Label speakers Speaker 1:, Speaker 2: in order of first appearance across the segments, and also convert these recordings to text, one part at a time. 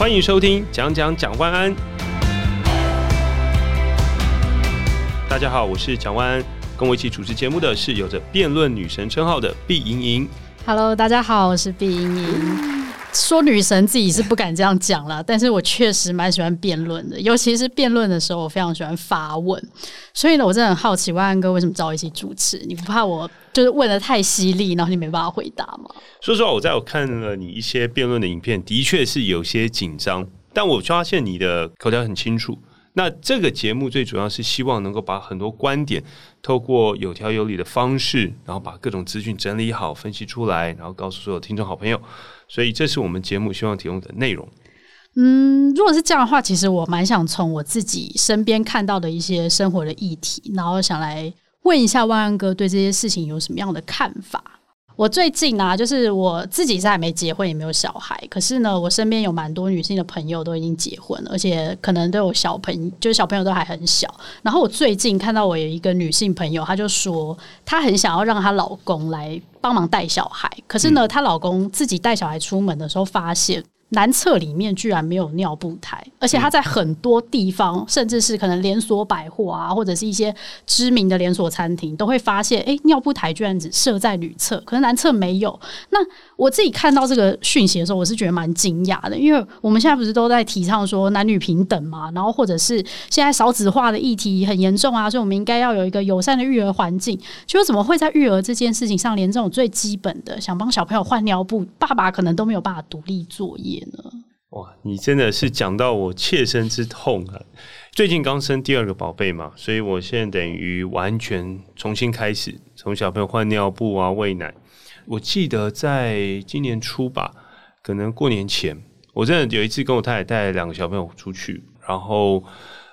Speaker 1: 歡迎收聽《講講蔣萬安》，大家好，我是蔣萬安，跟我一起主持節目的是有着辯論女神稱號的畢盈盈。
Speaker 2: Hello，大家好，我是畢盈盈。說女神自己是不敢這樣講啦， 但是我確實蠻喜歡辯論的，尤其是辯論的時候，我非常喜歡發問。所以呢，我真的很好奇萬安哥為什麼找我一起主持？你不怕我就是問得太犀利，然後你沒辦法回答嗎？
Speaker 1: 說實話，我在我看了你一些辯論的影片，的確是有些緊張，但我發現你的口條很清楚。那這個節目最主要是希望能夠把很多觀點透過有條有理的方式，然後把各種資訊整理好、分析出來，然後告訴所有聽眾、好朋友。所以，這是我們節目希望提供的內容。
Speaker 2: 嗯，如果是這樣的話，其實我蠻想從我自己身邊看到的一些生活的議題，然後想來問一下萬安哥，對這些事情有什麼樣的看法？我最近啊，就是我自己，還沒結婚，也沒有小孩。可是呢，我身邊有蠻多女性的朋友都已經結婚了，而且可能都有小朋友，就是小朋友都還很小。然後我最近看到我有一個女性朋友，她就說她很想要讓她老公來幫忙帶小孩，可是呢，嗯、她老公自己帶小孩出門的時候發現。男廁裡面居然沒有尿布台，而且它在很多地方，嗯、甚至是可能連鎖百貨啊，或者是一些知名的連鎖餐廳，都會發現，哎、欸，尿布台居然只設在女廁，可是男廁沒有。那。我自己看到這個訊息的時候，我是覺得蠻驚訝的，因為我們現在不是都在提倡說男女平等嘛，然後或者是現在少子化的議題很嚴重啊，所以我們應該要有一個友善的育兒環境。就怎麼會在育兒這件事情上，連這種最基本的，想幫小朋友換尿布，爸爸可能都沒有辦法獨立作業呢？
Speaker 1: 哇，你真的是講到我切身之痛啊！最近剛生第二個寶貝嘛，所以我現在等於完全重新開始，從小朋友換尿布啊，餵奶。我記得在今年初吧，可能過年前，我真的有一次跟我太太帶兩個小朋友出去，然後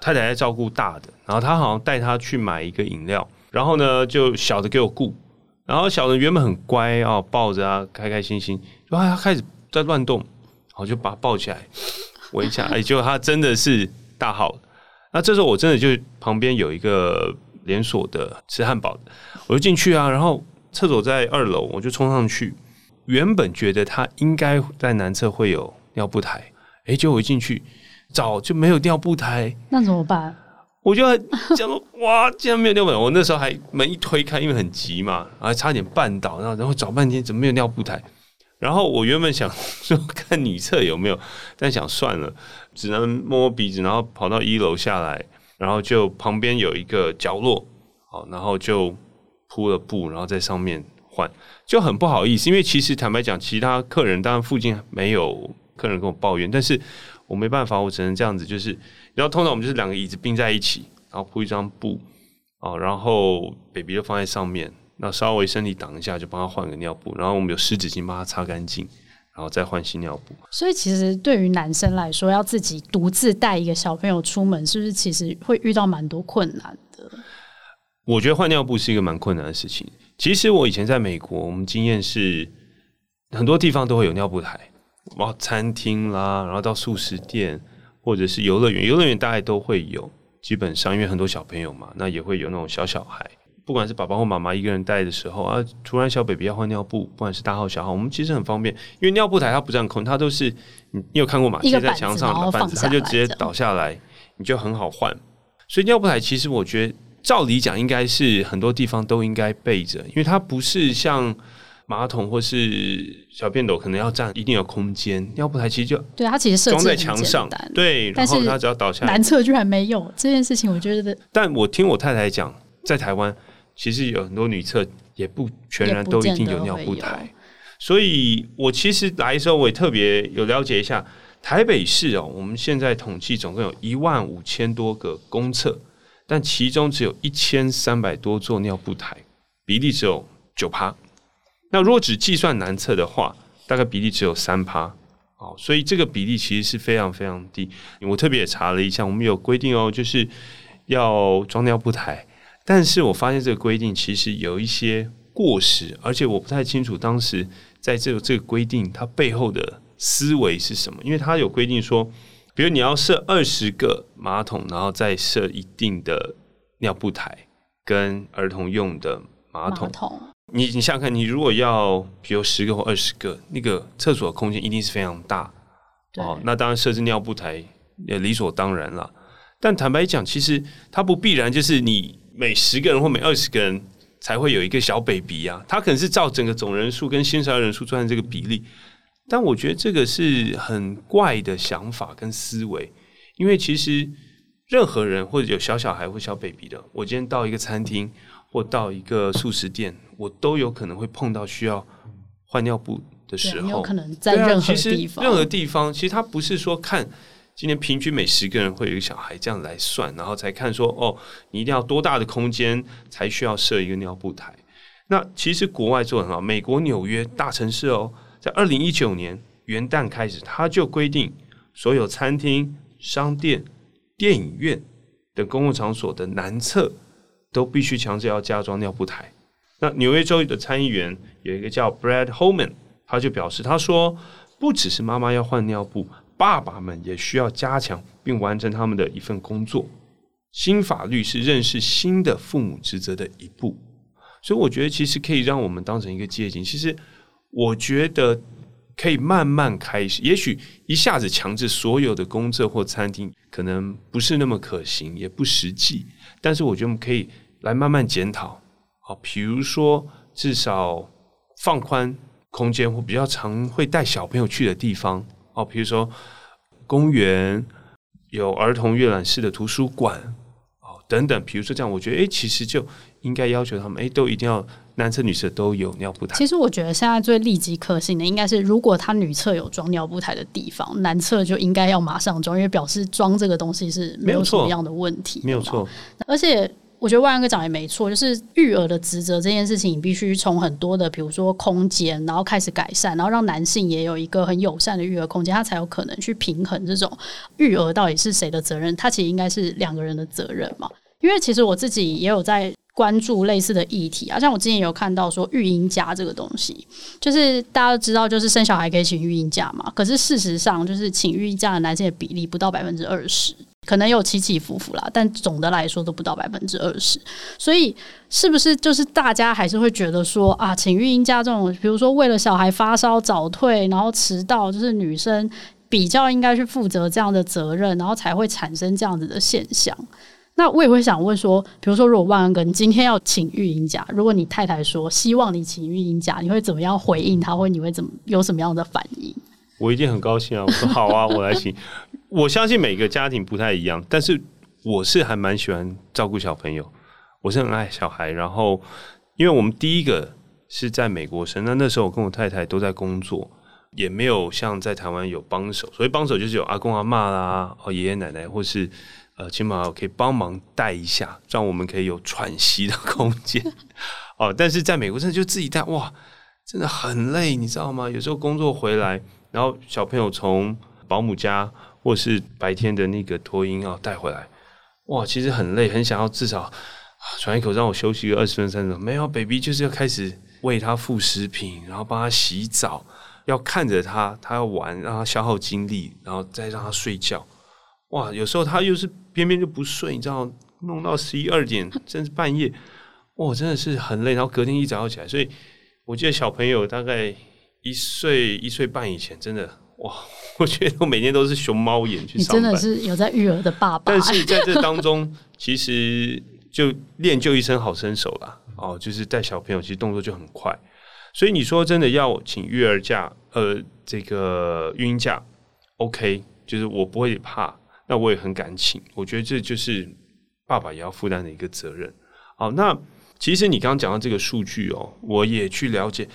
Speaker 1: 太太在照顧大的，然後他好像帶他去買一個飲料，然後呢就小的給我顧，然後小的原本很乖啊，抱着啊開開心心，哇，他開始在亂動，然後就把他抱起來，我一想，哎，結果他真的是大號，那這時候我真的就旁邊有一個連鎖的吃漢堡，我就進去啊，然後。廁所在二樓，我就衝上去。原本覺得他應該在男廁會有尿布台，哎、欸，結果一進去，找就沒有尿布台。那怎麼辦？我就想說，哇，竟然沒有尿布台！我那時候還門一推開，因為很急嘛，還差點絆倒，然後然後找半天，怎麼沒有尿布台？然後我原本想說看女廁有沒有，但想算了，只能摸摸鼻子，然後跑到一樓下來，然後就旁邊有一個角落，好，然後就。鋪了布，然後在上面換，就很不好意思。因為其實坦白講，其他客人當然附近沒有客人跟我抱怨，但是我沒辦法，我只能這樣子。就是，然後通常我們就是兩個椅子並在一起，然後鋪一張布，哦，然後 baby 就放在上面，那稍微身體擋一下，就幫他換個尿布，然後我們有濕紙巾幫他擦乾淨，然後再換新尿布。
Speaker 2: 所以，其實對於男生來說，要自己獨自帶一個小朋友出門，是不是其實會遇到蠻多困難？
Speaker 1: 我覺得換尿布是一個蠻困難的事情。其實我以前在美國，我們經驗是很多地方都會有尿布台，然後餐廳啦，然後到素食店或者是遊樂園，遊樂園大概都會有。基本上因為很多小朋友嘛，那也會有那種小小孩，不管是爸爸或媽媽一個人帶的時候啊，突然小北 y 要換尿布，不管是大號小號，我們其實很方便，因為尿布台它不占空，它都是你有看過嗎？戲，在牆上然後放它就直接倒下來，樣你就很好換。所以尿布台其實我覺得。照理講，應該是很多地方都應該備着，因為它不是像馬桶或是小便斗，可能要占一定的空間。尿布台其實就裝
Speaker 2: 對它其實裝在牆上，
Speaker 1: 對。然後它只要倒下來，男廁
Speaker 2: 居然沒有這件事情，我覺得。
Speaker 1: 但我聽我太太講，在台灣其實有很多女廁也不全然都一定有尿布台，所以我其實來的時候我也特別有了解一下台北市哦、喔，我們現在統計總共有一萬五千多個公廁。但其中只有一千三百多座尿布台，比例只有九趴。那如果只計算男廁的話，大概比例只有三趴。好、哦，所以這個比例其實是非常非常低。我特別也查了一下，我們有規定哦，就是要裝尿布台。但是我發現這個規定其實有一些過時，而且我不太清楚當時在這個這個規定它背後的思維是什麼，因為它有規定說。比如你要設二十個馬桶，然後再設一定的尿布台跟兒童用的馬桶。馬桶。你你想想看，你如果要比如十個或二十個，那個廁所空間一定是非常大哦對。那當然設置尿布台也理所當然了。但坦白講，其實它不必然就是你每十個人或每二十個人才會有一個小 baby 呀、啊。它可能是照整個總人數跟新生兒人數算的這個比例。但我覺得這個是很怪的想法跟思維，因為其實任何人或者有小小孩或小 baby 的，我今天到一個餐廳或到一個素食店，我都有可能會碰到需要換尿布的時候，對啊，有可能在任何地方。對啊，任何地方，其實它不是說看今天平均每十個人會有一個小孩這樣來算，然後才看說哦，你一定要多大的空間才需要設一個尿布台。那其實國外做得很好，美國紐約大城市哦。在二零一九年元旦開始，他就規定所有餐廳、商店、電影院等公共場所的男廁都必須強制要加裝尿布台。那紐約州的參議員有一個叫 Brad Holman，他就表示，他說：“不只是媽媽要換尿布，爸爸們也需要加強並完成他們的一份工作。新法律是認識新的父母職責的一步。”所以，我覺得其實可以讓我們當成一個借鑒。其實。我覺得可以慢慢開始，也許一下子強制所有的公廁或餐廳可能不是那麼可行，也不實際。但是我覺得我們可以來慢慢檢討，哦，比如說至少放寬空間或比較常會帶小朋友去的地方，哦，比如說公園有兒童閱覽室的圖書館。等等，比如說這樣，我覺得誒、欸，其實就應該要求他們誒、欸，都一定要男廁女廁都有尿布台。其
Speaker 2: 實我覺得現在最立即可行的，應該是如果他女廁有裝尿布台的地方，男廁就應該要馬上裝，因為表示裝這個東西是沒有什麼樣的問
Speaker 1: 題。沒有錯，然
Speaker 2: 後，而且。我覺得萬安哥講的也沒錯，就是育兒的職責這件事情，你必須從很多的，比如說空間，然後開始改善，然後讓男性也有一個很友善的育兒空間，他才有可能去平衡這種育兒到底是誰的責任。他其實應該是兩個人的責任嘛。因為其實我自己也有在關注類似的議題啊，像我之前有看到說育嬰假這個東西，就是大家都知道，就是生小孩可以請育嬰假嘛。可是事實上，就是請育嬰假的男性的比例不到百分之二十。可能有起起伏伏啦，但總的來說都不到百分之二十。所以是不是就是大家還是會覺得說啊，請育嬰假這種，比如說為了小孩發燒早退，然後遲到，就是女生比較應該去負責這樣的責任，然後才會產生這樣子的現象？那我也會想問說，比如說如果萬安哥你今天要請育嬰假，如果你太太說希望你請育嬰假，你會怎麼樣回應他，或你會怎麼有什麼樣的反應？
Speaker 1: 我一定很高興啊，我說好啊，我來請。 我相信每個家庭不太一樣，但是我是還蠻喜歡照顧小朋友，我是很愛小孩。然後，因為我們第一個是在美國生，那那時候我跟我太太都在工作，也沒有像在台灣有幫手，所以幫手就是有阿公阿嬤啦，哦，爺爺奶奶，或是呃，起碼可以幫忙帶一下，讓我們可以有喘息的空間。 哦，但是在美國真的就自己帶，哇，真的很累，你知道嗎？有時候工作回來。然後小朋友從保姆家或是白天的那個托嬰要帶回來，哇，其實很累，很想要至少喘、啊、一口讓我休息二十分鐘、三十分鐘。沒有，baby 就是要開始餵他副食品，然後幫他洗澡，要看着他，他要玩，讓他消耗精力，然後再讓他睡覺。哇，有時候他又是偏偏就不睡，你知道，弄到十一二點甚至半夜，哇，真的是很累，然後隔天一早要起來，所以我記得小朋友大概。一歲一歲半以前，真的哇！我覺得我每天都是熊貓眼去上班，你真的是
Speaker 2: 有在育兒的爸爸。但是在這當
Speaker 1: 中， 其實就練就一身好身手啦。哦，就是帶小朋友，其實動作就很快。所以你說真的要請育兒假，呃，這個孕假，OK，就是我不會怕，那我也很敢請。我覺得這就是爸爸也要負擔的一個責任。好、哦，那其實你剛剛講到這個數據哦，我也去了解。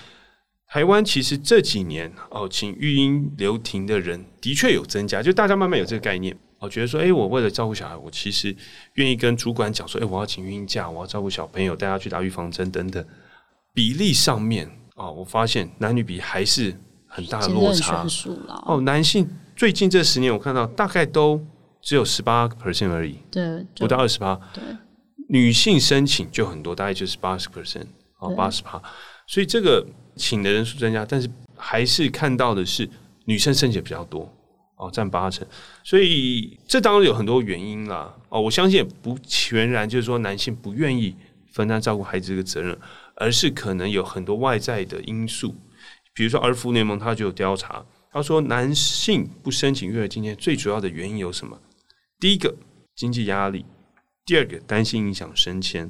Speaker 1: 台灣其實這幾年哦，請育嬰留停的人的確有增加，就大家慢慢有這個概念哦，對覺得說，哎，我為了照顧小孩，我其實願意跟主管講說，哎，我要請育嬰假，我要照顧小朋友，帶他去打預防針等等。比例上面哦，我發現男女比還是很大的落差哦。男性最近這十年我看到大概都只有十八 percent 而已，對，不到二十趴。對，女性申請就很多，大概就是八十 percent，哦，八十趴。對所以這個。請的人數增加，但是還是看到的是女生申請比較多哦，佔八成。所以這當然有很多原因啦哦，我相信也不全然就是說男性不願意分擔照顧孩子的責任，而是可能有很多外在的因素。比如說、R，兒福聯盟他就有調查，他說男性不申請育兒津貼最主要的原因有什麼？第一個，經濟壓力；第二個，擔心影響升遷；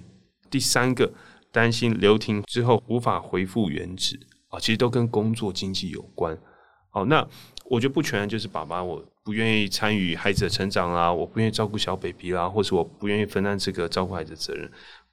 Speaker 1: 第三個。擔心留停之後無法恢復原職啊，其實都跟工作經濟有關。好，那我覺得不全然就是爸爸我不願意參與孩子的成長啦，我不願意照顧小 baby 啦，或是我不願意分擔這個照顧孩子的責任，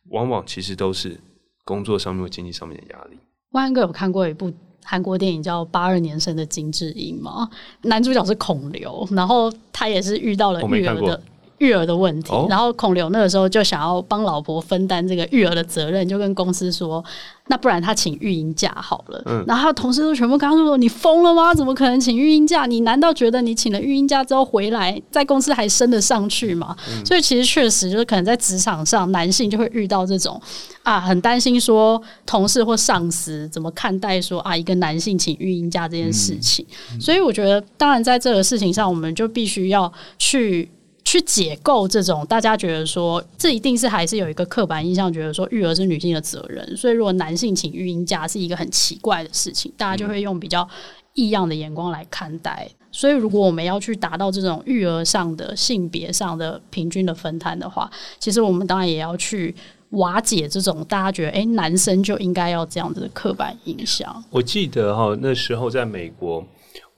Speaker 1: 往往其實都是工作上面或經濟上面的壓力。
Speaker 2: 萬哥有看過一部韓國電影叫《八二年生的金智英》嗎？男主角是孔劉，然後他也是遇到了育兒的。育兒的問題，哦、然後孔劉那個時候就想要幫老婆分擔這個育兒的責任，就跟公司說：“那不然他請育嬰假好了。”嗯，然後同事都全部跟他說：“你瘋了嗎？怎麼可能請育嬰假？你難道覺得你請了育嬰假之後回來在公司還升得上去嗎？”嗯、所以其實確實就是可能在職場上男性就會遇到這種啊，很擔心說同事或上司怎麼看待說啊一個男性請育嬰假這件事情。嗯嗯、所以我覺得，當然在這個事情上，我們就必須要去。去解構這種大家覺得說，這一定是還是有一個刻板印象，覺得說育兒是女性的責任，所以如果男性請育嬰假是一個很奇怪的事情，大家就會用比較異樣的眼光來看待。嗯、所以如果我們要去達到這種育兒上的性別上的平均的分攤的話，其實我們當然也要去瓦解這種大家覺得哎、欸，男生就應該要這樣子的刻板印象。
Speaker 1: 我記得哈、哦、那時候在美國。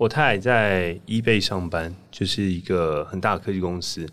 Speaker 1: 我太太在 eBay 上班，就是一個很大的科技公司。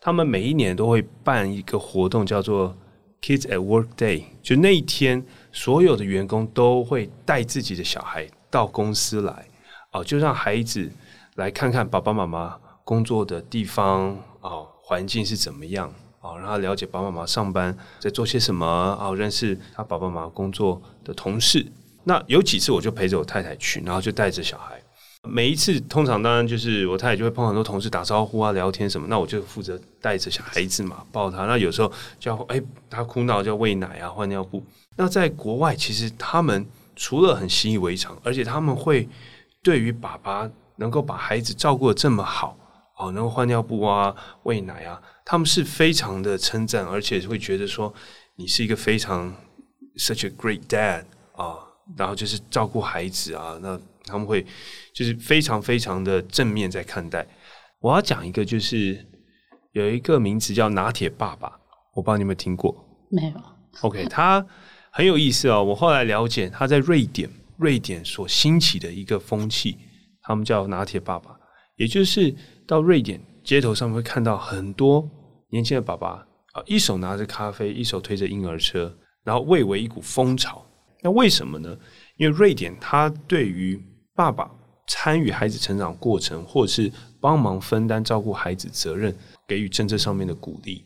Speaker 1: 他們每一年都會辦一個活動，叫做 Kids at Work Day。就那一天，所有的員工都會帶自己的小孩到公司來，哦，就讓孩子來看看爸爸媽媽工作的地方，哦，環境是怎麼樣，哦，讓他了解爸爸媽媽上班在做些什麼，哦，認識他爸爸媽媽工作的同事。那有幾次，我就陪着我太太去，然後就帶着小孩。每一次，通常當然就是我太太就會碰到很多同事打招呼啊、聊天什麼。那我就負責帶着小孩子嘛，抱他。那有時候叫誒、哎，他哭鬧叫餵奶啊、換尿布。那在國外，其實他們除了很習以為常，而且他們會對於爸爸能夠把孩子照顧得這麼好，哦，能夠換尿布啊、餵奶啊，他們是非常的稱讚，而且會覺得說你是一個非常 such a great dad 啊、哦。然後就是照顧孩子啊，那他們會就是非常非常的正面在看待。我要講一個，就是有一個名詞叫拿鐵爸爸，我不知道你有沒有聽過？沒有。OK，他很有意思哦。我後來了解，他在瑞典，瑞典所興起的一個風氣，他們叫拿鐵爸爸，也就是到瑞典街頭上會看到很多年輕的爸爸啊，一手拿着咖啡，一手推着嬰兒車，然後蔚為一股風潮。那為什麼呢？因為瑞典，它對於爸爸參與孩子成長過程，或者是幫忙分擔照顧孩子責任，給予政策上面的鼓勵。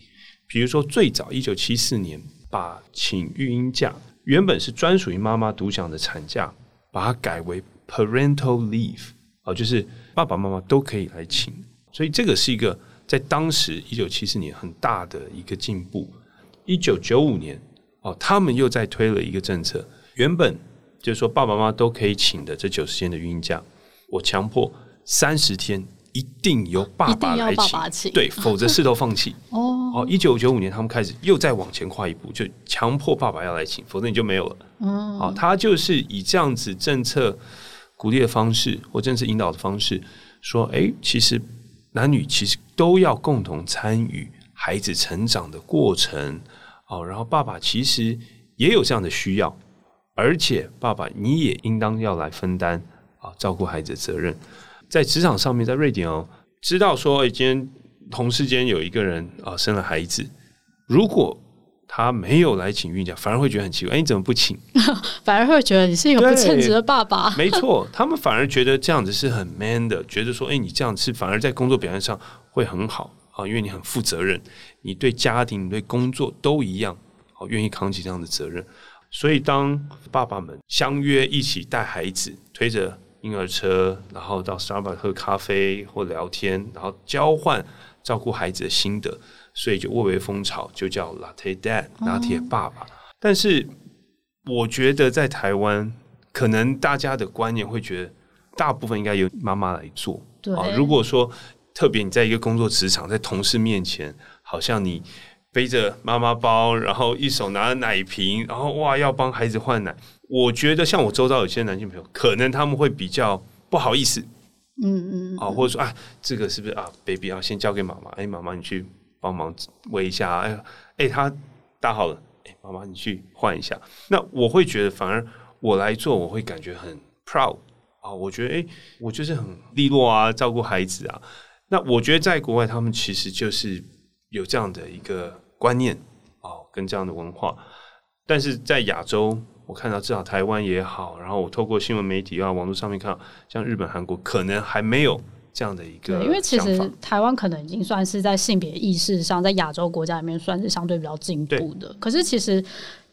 Speaker 1: 比如說，最早一九七四年，把請育嬰假原本是專屬於媽媽獨享的產假，把它改為 parental leave，哦，就是爸爸媽媽都可以來請。所以這個是一個在當時一九七四年很大的一個進步。一九九五年，哦，他們又在推了一個政策。原本就是說，爸爸媽媽都可以請的這九十天的孕假，我強迫三十天一定由爸爸來請，爸爸請，對，否則事都放棄哦。一九九五年他們開始又再往前跨一步，就強迫爸爸要來請，否則你就沒有
Speaker 2: 了。哦，oh. 他
Speaker 1: 就是以這樣子政策鼓勵的方式或政策引導的方式說，哎、欸，其實男女其實都要共同參與孩子成長的過程，哦，然後爸爸其實也有這樣的需要。而且，爸爸你也應當要來分擔啊，照顧孩子的責任。在職場上面，在瑞典哦，知道說已經同事間有一個人啊生了孩子，如果他沒有來請孕假，反而會覺得很奇怪。哎，你怎麼不請？
Speaker 2: 反而會覺得你是一個不稱職的爸爸。沒錯，
Speaker 1: 他們反而覺得這樣子是很 man 的， 覺得說，哎，你這樣子是反而在工作表現上會很好啊，因為你很負責任，你對家庭、你對工作都一樣，好、啊、願意扛起這樣的責任。所以，當爸爸們相約一起帶孩子，推着嬰兒車，然後到 Starbucks 喝咖啡或聊天，然後交換照顧孩子的心得，所以就蔚為風潮，就叫 Latte Dad，拿鐵爸爸。嗯、但是，我覺得在台灣，可能大家的觀念會覺得，大部分應該由媽媽來做。對、啊，如果說特別你在一個工作職場，在同事面前，好像你。背着媽媽包，然後一手拿着奶瓶，然後哇，要幫孩子換奶。我覺得像我周遭有些男性朋友，可能他們會比較不好意思，嗯，嗯
Speaker 2: 嗯，啊，或者說
Speaker 1: 啊，這個是不是啊，baby 要、啊、先交給媽媽？哎，媽媽你去幫忙餵一下啊，哎哎，他大好了，哎，媽媽你去換一下。那我會覺得反而我來做，我會感覺很 proud 啊，我覺得哎，我就是很利落啊，照顧孩子啊。那我覺得在國外，他們其實就是。有這樣的一個觀念，哦，跟這樣的文化，但是在亞洲，我看到至少台灣也好，然後我透過新聞媒體啊、網絡上面看，像日本、韓國可能還沒有這樣的一個。因為其實
Speaker 2: 台灣可能已經算是在性別意識上，在亞洲國家裡面算是相對比較進步的，對可是其實。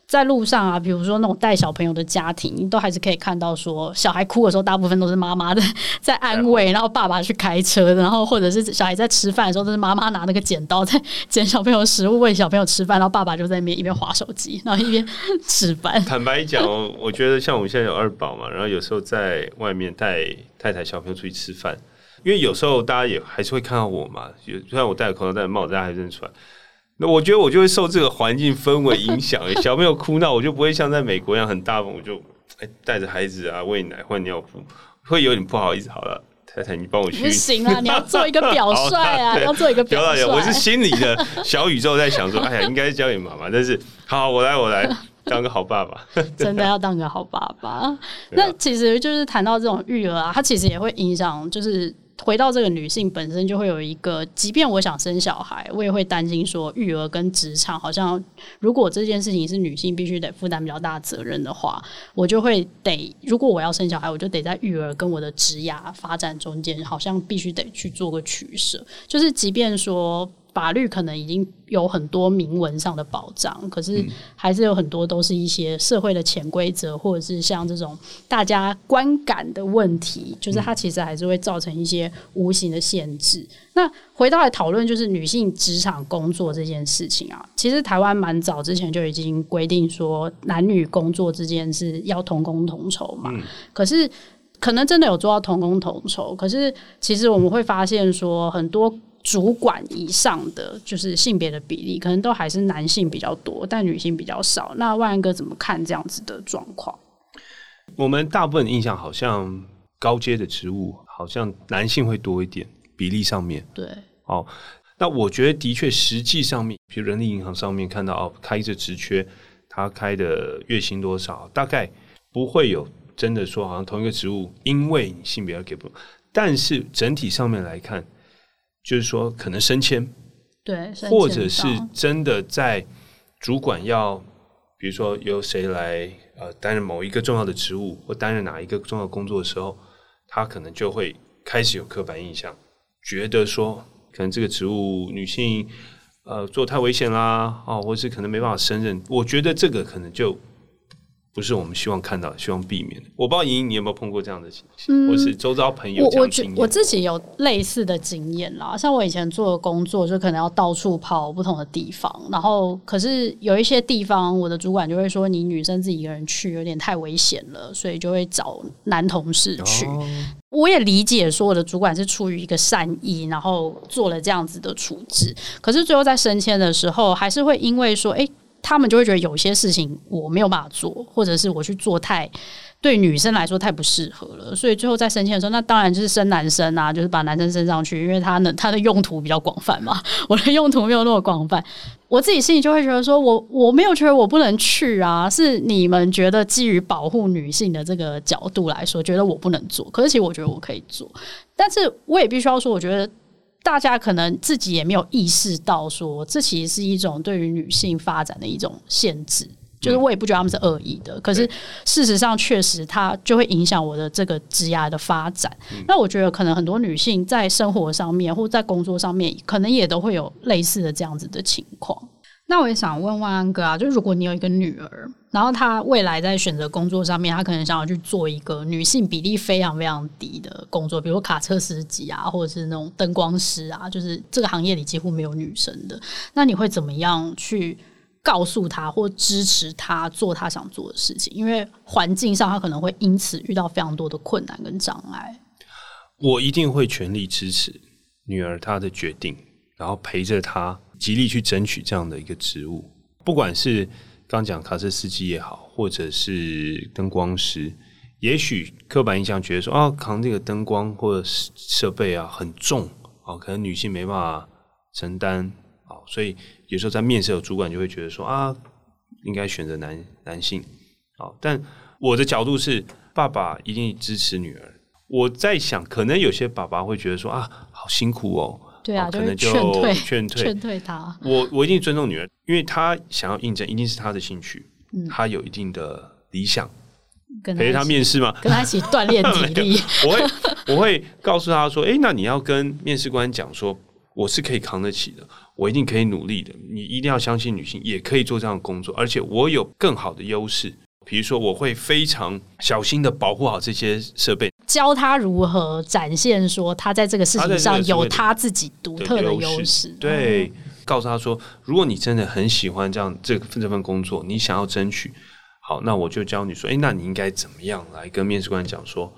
Speaker 2: 在路上啊，比如說那種帶小朋友的家庭，都還是可以看到說，小孩哭的時候，大部分都是媽媽在在安慰，然後爸爸去開車，然後或者是小孩在吃飯的時候，都、就是媽媽拿那個剪刀在剪小朋友食物，餵小朋友吃飯，然後爸爸就在那邊一邊滑手機，然後一邊吃飯。坦
Speaker 1: 白講，我覺得像我們現在有二寶嘛，然後有時候在外面帶太太、小朋友出去吃飯，因為有時候大家也還是會看到我嘛，有就像我戴口罩戴帽子，大家還認出來。那我覺得我就會受這個環境氛圍影響，小朋友哭鬧，我就不會像在美國一樣很大方，我就哎帶着孩子啊餵奶換尿布，會有點不好意思。好了，太太，你幫我去，不行啊，你要做一個表率啊，要做一個表率。我是心裡的小宇宙在想說，哎呀，應該交給媽媽，但是好，我來，我來當個好爸爸，
Speaker 2: 真的要當個好爸爸。那其實就是談到這種育兒啊，他其實也會影響，就是。回到這個女性本身，就會有一個，即便我想生小孩，我也會擔心說，育兒跟職場好像，如果這件事情是女性必須得負擔比較大責任的話，我就會得，如果我要生小孩，我就得在育兒跟我的職涯發展中間，好像必須得去做個取捨，就是即便說。法律可能已經有很多明文上的保障，可是還是有很多都是一些社會的潛規則，或者是像這種大家觀感的問題，就是它其實還是會造成一些無形的限制。嗯、那回到來討論，就是女性職場工作這件事情啊，其實台灣蠻早之前就已經規定說男女工作之間是要同工同酬嘛。嗯、可是可能真的有做到同工同酬，可是其實我們會發現說很多。主管以上的就是性別的比例，可能都還是男性比較多，但女性比較少。那萬安哥怎麼看這樣子的狀況？
Speaker 1: 我們大部分印象好像高階的職務，好像男性會多一點，比例上面。對，哦，那我覺得的確實際上面，比如人力銀行上面看到哦，開着職缺，他開的月薪多少，大概不會有真的說好像同一個職務，因為性別而給不，但是整體上面來看。就是說，可能升遷，
Speaker 2: 對，或者是
Speaker 1: 真的在主管要，比如說由誰來呃擔任某一個重要的職務或擔任哪一個重要工作的時候，他可能就會開始有刻板印象，覺得說可能這個職務女性呃做太危險啦啊，或是可能沒辦法勝任。我覺得這個可能就。不是我們希望看到的、希望避免的。我不知道瑩瑩你有沒有碰過這樣的情形，嗯、我是周遭朋友這樣經驗我，
Speaker 2: 我，我自己有類似的經驗啦，像我以前做的工作，就可能要到處跑不同的地方，然後可是有一些地方，我的主管就會說：“你女生自己一個人去有點太危險了。”所以就會找男同事去。哦、我也理解說我的主管是出於一個善意，然後做了這樣子的處置。可是最後在升遷的時候，還是會因為說：“哎、欸。”他們就會覺得有些事情我沒有辦法做，或者是我去做太對女生來說太不適合了。所以最後在升遷的時候，那當然就是升男生啊，就是把男生升上去，因為他的他的用途比較廣泛嘛。我的用途沒有那麼廣泛，我自己心裡就會覺得說，我我沒有覺得我不能去啊，是你們覺得基於保護女性的這個角度來說，覺得我不能做。可是其實我覺得我可以做，但是我也必須要說，我覺得。大家可能自己也沒有意識到，說這其實是一種對於女性發展的一種限制。就是我也不覺得他們是惡意的，可是事實上確實它就會影響我的這個職業的發展。那我覺得可能很多女性在生活上面或在工作上面，可能也都會有類似的這樣子的情況。那我也想問問萬安哥啊，就是如果你有一個女兒，然後她未來在選擇工作上面，她可能想要去做一個女性比例非常非常低的工作，比如說卡車司機啊，或者是那種燈光師啊，就是這個行業裡幾乎沒有女生的，那你會怎麼樣去告訴她或支持她做她想做的事情？因為環境上，她可能會因此遇到非常多的困難跟障礙。
Speaker 1: 我一定會全力支持女兒她的決定，然後陪着她。極力去爭取這樣的一個職務，不管是剛講的卡車司機也好，或者是燈光師，也許刻板印象覺得說啊，扛這個燈光或者設備啊很重啊、哦，可能女性沒辦法承擔啊、哦，所以有時候在面試的主管就會覺得說啊，應該選擇男男性啊、哦。但我的角度是，爸爸一定支持女兒。我在想，可能有些爸爸會覺得說啊，好辛苦哦。
Speaker 2: 對啊、哦，可能就勸退，勸退他、
Speaker 1: 啊。我我一定尊重女兒，因為她想要應徵，一定是她的興趣，嗯、她有一定的理想，
Speaker 2: 跟陪她面試嘛，跟她一起鍛鍊體力。
Speaker 1: 我會我會告訴她說，哎、欸，那你要跟面試官講說，我是可以扛得起的，我一定可以努力的。你一定要相信，女性也可以做這樣的工作，而且我有更好的優勢。比如說，我會非常小心地保護好這些設備，
Speaker 2: 教他如何展現說他在這個事情上有他自己獨特的優
Speaker 1: 勢。對，告訴他說，如果你真的很喜歡這樣這個、這份工作，你想要爭取，好，那我就教你說，欸、那你應該怎麼樣來跟面試官講說，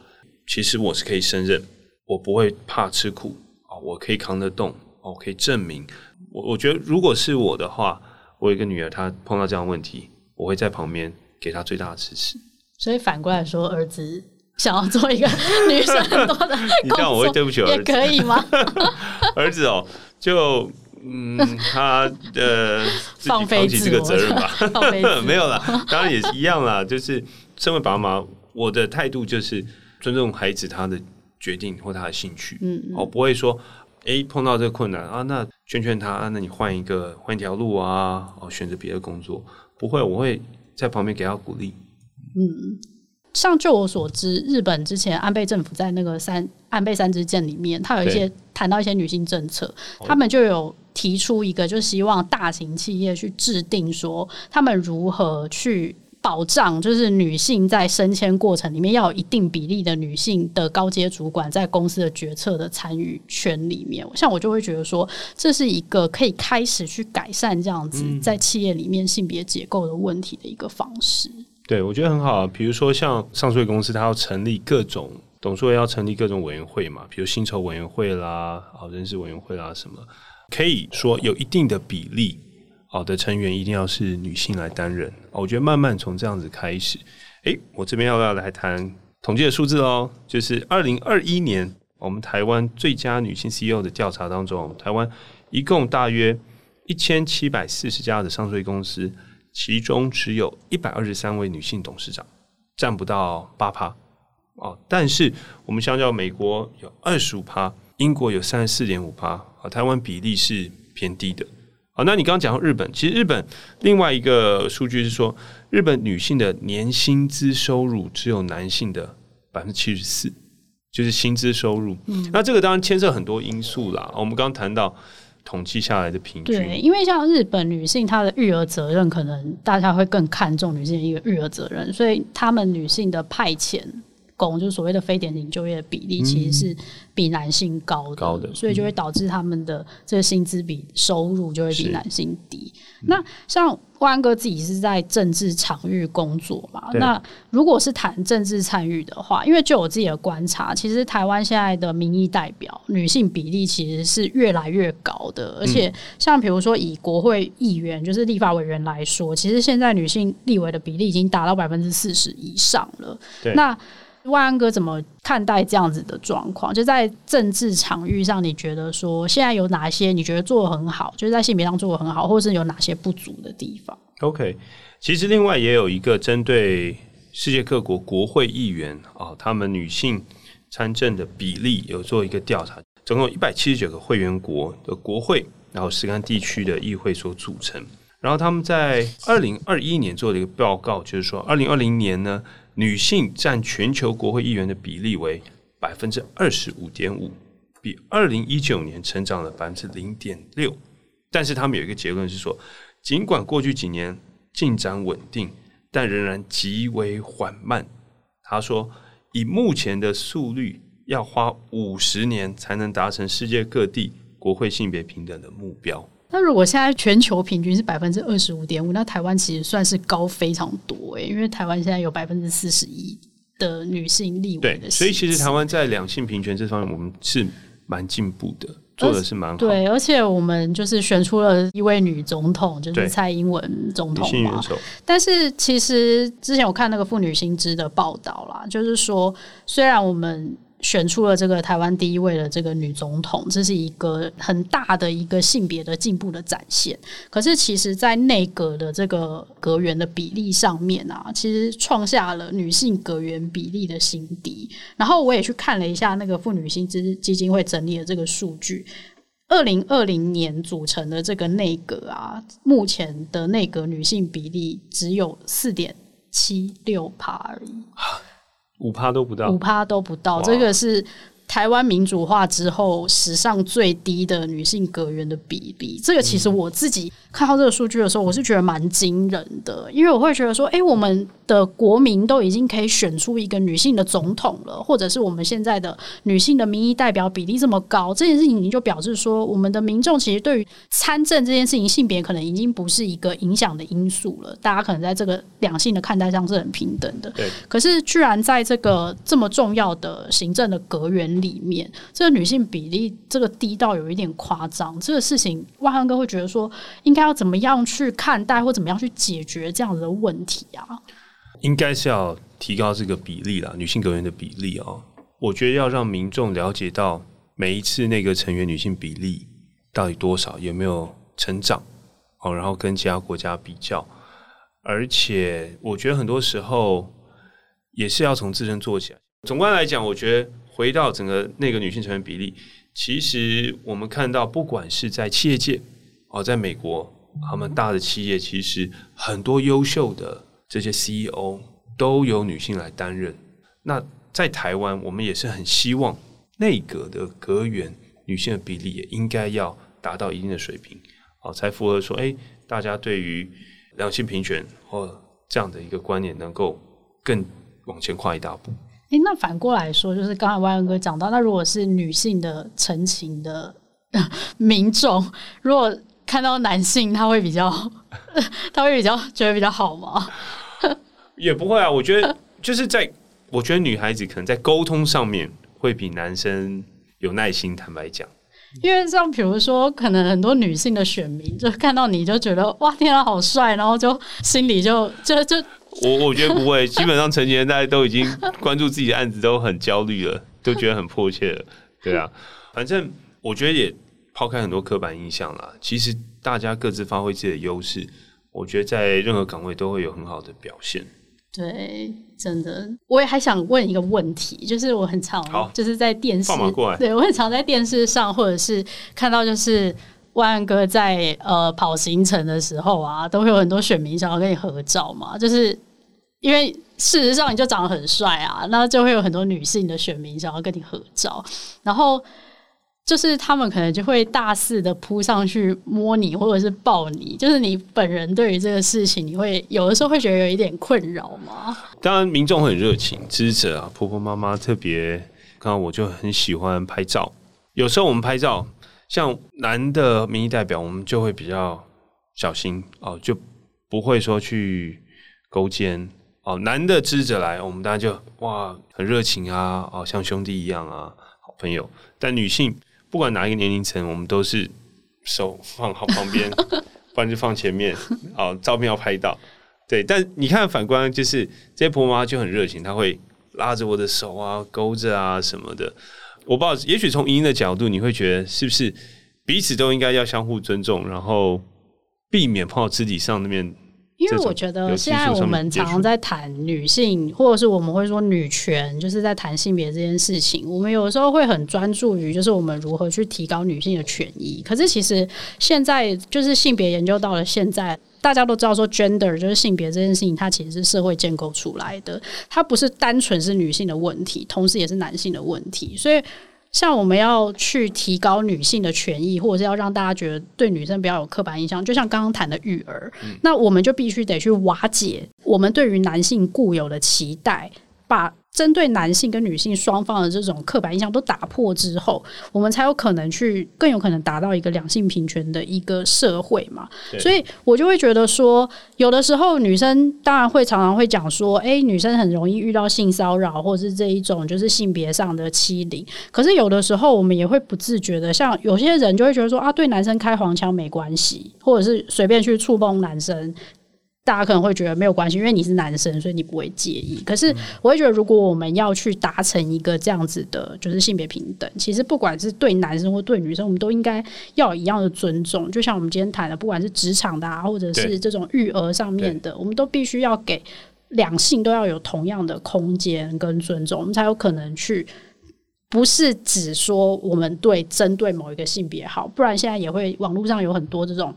Speaker 1: 其實我是可以勝任，我不會怕吃苦啊，我可以扛得動，我可以證明。我我覺得，如果是我的話，我有一個女兒她碰到這樣的問題，我會在旁邊。給他最大的支
Speaker 2: 持，所以反過來說，兒子想要做一個 女生多的工作，你這樣我會對不起兒子，可以嗎？
Speaker 1: 兒子哦，就嗯，他呃，自
Speaker 2: 己扛起這個責任吧。 沒有啦，
Speaker 1: 當然也是一樣啦。就是身為爸媽，我的態度就是尊重孩子他的決定或他的興趣。嗯，嗯，我不會說，哎、欸，碰到這個困難啊，那勸勸他啊，那你換一個換一條路啊，哦，選擇別的工作，不會，我會，在旁邊給他鼓勵。嗯，
Speaker 2: 像據我所知，日本之前安倍政府在那個三安倍三支箭裡面，他有一些談到一些女性政策，對他們就有提出一個，就希望大型企業去制定說他們如何去。保障，就是女性在升遷過程裡面要有一定比例的女性的高階主管在公司的決策的參與權裡面。像我就會覺得說，這是一個可以開始去改善這樣子在企業裡面性別結構的問題的一個方式。嗯。
Speaker 1: 對，我覺得很好。比如說像上市公司，它要成立各種董事會，要成立各種委員會嘛，比如薪酬委員會啦，好人事委員會啦，什麼可以說有一定的比例。哦好的成員一定要是女性來擔任。我覺得慢慢從這樣子開始，誒，我這邊要不要來談統計的數字哦？就是二零二一年我們台灣最佳女性 CEO 的調查當中，台灣一共大約一千七百四十家的上市公司，其中只有一百二十三位女性董事長，占不到八趴。哦。但是我們相較美國有二十五趴，英國有三十四點五趴，啊，台灣比例是偏低的。好，那你剛剛講到日本，其實日本另外一個數據是說，日本女性的年薪資收入只有男性的百分之七十四，就是薪資收入。嗯。那這個當然牽涉很多因素啦。我們剛剛談到統計下來的平均，對，
Speaker 2: 因為像日本女性她的育兒責任，可能大家會更看重女性的一個育兒責任，所以她們女性的派遣。工就是所謂的非典型就業的比例，其實是比男性高的，嗯高的嗯、所以就會導致他們的這個薪資比收入就會比男性低。嗯、那像萬哥自己是在政治場域工作嘛？了那如果是談政治參與的話，因為就我自己的觀察，其實台灣現在的民意代表女性比例其實是越來越高的，而且像比如說以國會議員就是立法委員來說，其實現在女性立委的比例已經達到百分之四十以上了。對那萬安哥怎麼看待這樣子的狀況？就在政治場域上，你覺得說現在有哪些你覺得做得很好，就是在性別上做得很好，或是有哪些不足的地方
Speaker 1: ？OK，其實另外也有一個針對世界各國國會議員啊，哦，他們女性參政的比例有做一個調查，總共一百七十九個會員國的國會，然後若干地區的議會所組成。然後他們在二零二一年做了一個報告，就是說二零二零年呢。女性佔全球國會議員的比例為百分之二十五點五，比二零一九年成長了百分之零點六。但是他們有一個結論是說，儘管過去幾年進展穩定，但仍然極為緩慢。他說，以目前的速率，要花五十年才能達成世界各地國會性別平等的目標。
Speaker 2: 那如果現在全球平均是百分之二十五點五，那台灣其實算是高非常多誒，因為台灣現在有百分之四十一的女性立委。對，所以
Speaker 1: 其實台灣在兩性平權這方面，我們是蠻進步的，做的是蠻好。對，
Speaker 2: 而且我們就是選出了一位女總統，就是蔡英文總統嘛。對，但是其實之前我看那個《婦女新知》的報道啦，就是說雖然我們。選出了這個台灣第一位的這個女總統，這是一個很大的一個性別的進步的展現。可是，其實，在內閣的這個閣員的比例上面啊，其實創下了女性閣員比例的新低。然後，我也去看了一下那個婦女新知基金會整理的這個數據，二零二零年組成的這個內閣啊，目前的內閣女性比例只有四點七六趴而已。
Speaker 1: 五趴都不到，五趴
Speaker 2: 都不到，哇，這個是。台灣民主化之後史上最低的女性閣員的比例，這個其實我自己看到這個數據的時候，我是覺得蠻驚人的，因為我會覺得說，哎，我們的國民都已經可以選出一個女性的總統了，或者是我們現在的女性的民意代表比例這麼高，這件事情已經就表示說，我們的民眾其實對於參政這件事情性別可能已經不是一個影響的因素了，大家可能在這個兩性的看待上是很平等的。可是，居然在這個這麼重要的行政的閣員，裡面這個女性比例這個低到有一點誇張，這個事情萬安哥會覺得說，應該要怎麼樣去看待，或怎麼樣去解決這樣子的問題啊？
Speaker 1: 應該是要提高這個比例啦，女性閣員的比例哦。我覺得要讓民眾了解到每一次那個成員女性比例到底多少，有沒有成長，哦，然後跟其他國家比較。而且我覺得很多時候也是要從自身做起來。總觀來講，我覺得。回到整個那個女性成員比例，其實我們看到，不管是在企業界，哦，在美國，他們大的企業其實很多優秀的這些 CEO 都由女性來擔任。那在台灣，我們也是很希望內閣的閣員女性的比例也應該要達到一定的水平，好，才符合說，哎、欸，大家對於兩性平權或、哦、這樣的一個觀念，能夠更往前跨一大步。
Speaker 2: 哎，那反過來說，就是剛才萬安哥講到，那如果是女性的、陳情的民眾，如果看到男性，他會比較， 他會比較覺得比較好嗎？
Speaker 1: 也不會啊，我覺得就是在， 我覺得女孩子可能在溝通上面會比男生有耐心。坦白講，
Speaker 2: 因為像比如說，可能很多女性的選民就看到你就覺得哇，天啊，好帥，然後就心裡就就就。就
Speaker 1: 我我覺得不會， 基本上成年人大家都已經關注自己的案子，都很焦慮了， 都覺得很迫切了，對啊。反正我覺得也拋開很多刻板印象啦，其實大家各自發揮自己的優勢，我覺得在任何崗位都會有很好的表現。
Speaker 2: 對，真的。我也還想問一個問題，就是我很常好就是在電視，對，我很常在電視上或者是看到就是。萬哥在呃跑行程的時候啊，都會有很多選民想要跟你合照嘛。就是因為事實上你就長得很帥啊，那就會有很多女性的選民想要跟你合照。然後就是他們可能就會大肆的撲上去摸你或者是抱你。就是你本人對於這個事情，你會有的時候會覺得有一點困擾嗎？
Speaker 1: 當然，民眾很熱情，支持啊，婆婆媽媽特別。剛剛我就很喜歡拍照，有時候我們拍照。像男的民意代表，我們就會比較小心哦，就不會說去勾肩哦。男的支持者來，我們當然就哇很熱情啊，哦像兄弟一樣啊，好朋友。但女性不管哪一個年齡層，我們都是手放好旁邊， 不然就放前面哦，照片要拍到。對，但你看反觀就是這些婆媽就很熱情，她會拉着我的手啊，勾着啊什麼的。我不知道，也許從盈盈的角度，你會覺得是不是彼此都應該要相互尊重，然後避免碰到肢體上那面。因為我覺得現在我們常常在
Speaker 2: 談女性，或者是我們會說女權，就是在談性別這件事情。我們有時候會很專注於，就是我們如何去提高女性的權益。可是其實現在就是性別研究到了現在，大家都知道說 gender 就是性別這件事情，它其實是社會建構出來的，它不是單純是女性的問題，同時也是男性的問題，所以。像我們要去提高女性的權益，或者是要讓大家覺得對女生比較有刻板印象，就像剛剛談的育兒，嗯、那我們就必須得去瓦解我們對於男性固有的期待，把。針對男性跟女性雙方的這種刻板印象都打破之後，我們才有可能去更有可能達到一個兩性平權的一個社會嘛。對所以，我就會覺得說，有的時候女生當然會常常會講說，欸，女生很容易遇到性騷擾，或者是這一種就是性別上的欺凌。可是有的時候，我們也會不自覺的，像有些人就會覺得說，啊，對男生開黃腔沒關係，或者是隨便去觸碰男生。大家可能會覺得沒有關係，因為你是男生，所以你不會介意。可是，我會覺得，如果我們要去達成一個這樣子的，就是性別平等，其實不管是對男生或對女生，我們都應該要有一樣的尊重。就像我們今天談的，不管是職場的啊，或者是這種育兒上面的，對我們都必須要給兩性都要有同樣的空間跟尊重，我們才有可能去，不是只說我們對針對某一個性別好，不然現在也會網絡上有很多這種。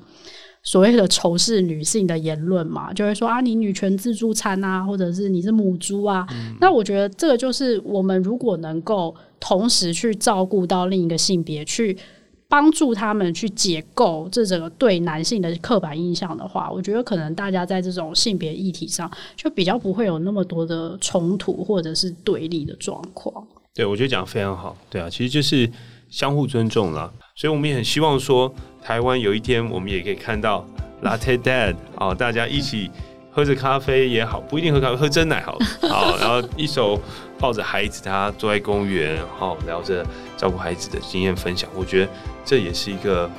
Speaker 2: 所謂的仇視女性的言論嘛，就會說啊，你女權自助餐啊，或者是你是母豬啊。嗯，那我覺得這個就是我們如果能夠同時去照顧到另一個性別，去幫助他們去解構這整個對男性的刻板印象的話，我覺得可能大家在這種性別議題上就比較不會有那麼多的衝突或者是對立的狀況。
Speaker 1: 對，我覺得講非常好。對啊，其實就是。相互尊重了，所以我們也很希望說，台灣有一天我們也可以看到 Latte Dad 啊，大家一起喝着咖啡也好，不一定喝咖啡，喝珍奶好，好，然後一手抱着孩子，他坐在公園，然後聊着照顧孩子的經驗分享，我覺得這也是一個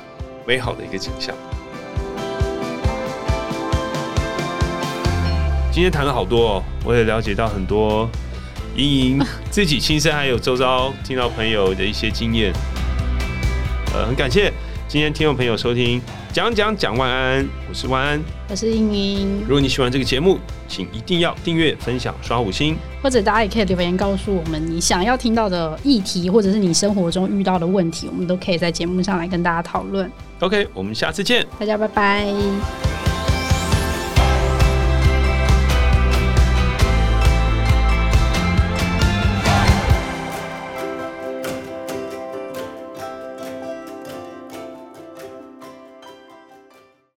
Speaker 1: 美好的一個景象。今天談了好多哦，我也了解到很多。盈盈自己親身，還有周遭聽到朋友的一些經驗，呃，很感謝今天聽眾朋友收聽，講講講萬安，我是萬安，
Speaker 2: 我是盈盈。如
Speaker 1: 果你喜歡這個節目，請一定要訂閱、分享、刷五星，
Speaker 2: 或者大家也可以留言告訴我們你想要聽到的議題，或者是你生活中遇到的問題，我們都可以在節目上來跟大家討論。
Speaker 1: OK，我們下次見，
Speaker 2: 大家拜拜。